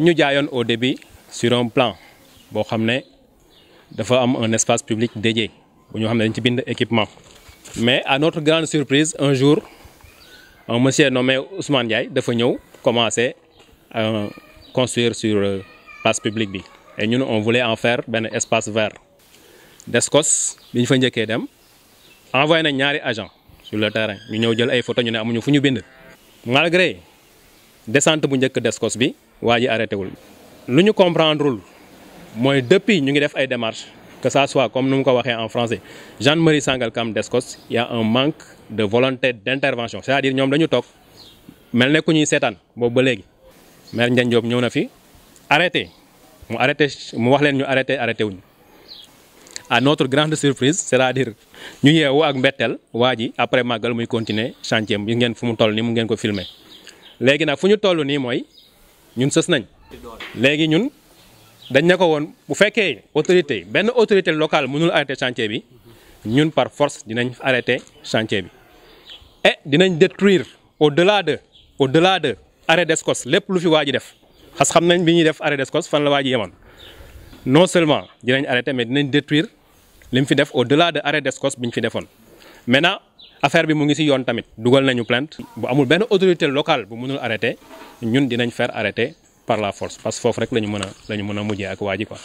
Nous avons au début sur un plan pour xam un espace public dédié pour avons un équipement. mais à notre grande surprise un jour un monsieur nommé Ousmane Diaye a commencé à euh, construire sur euh, le public. public et nous on voulait en faire un espace vert. Descos nous avons fa envoyé un agents agent sur le terrain Nous avons jël ay photo nous ne amuñu bind malgré descente de Descos waa ji arrêté wul lu ñu comprendre wul mooy depuis ñu ngi def ay démarches que ça soit comme nous ko waxé en français Jean-Marie gendarmerie Sangalkam Il y a un manque de volonté d'intervention. cest à dire ñom dañu tok melne ne ku ñuy sétane bo ba légui mer Ndiagne Diop ñëw na fi arrêté mu arrêté mu wax leen ñu arrêté arrêté wuñu à notre grande surprise cest à dire ñu yeewu ak mbettel waa après magal muy continuer chantier bi ngeen fu mu toll ni mu ngeen ko filmer légui nak fu ñu toll nii ñun sës nañ léegi ñun dañ ne ko woon bu fekkee autorité benn autorité locale mënul arrêté chantier bi ñun par force dinañ arrêté chantier bi e dinañ détruire au delà de au delà de arrêt d'escos lépp lu fi waa ji def xas xam nañ bi ñuy def arrêt d'escos fan la waa ji non seulement dinañ arrêté mais dinañ détruire li mu fi def au delà de arrêt d'escos bi ñu fi defoon affaire bi mu ngi ci yoon tamit dugal nañu plainte bu amul benn autorité locale bu mënul arrêté ñun dinañ faire arrêté par la force parce que foofu rek la ñu mën a la ñu mën a mujjee ak waa ji quoi.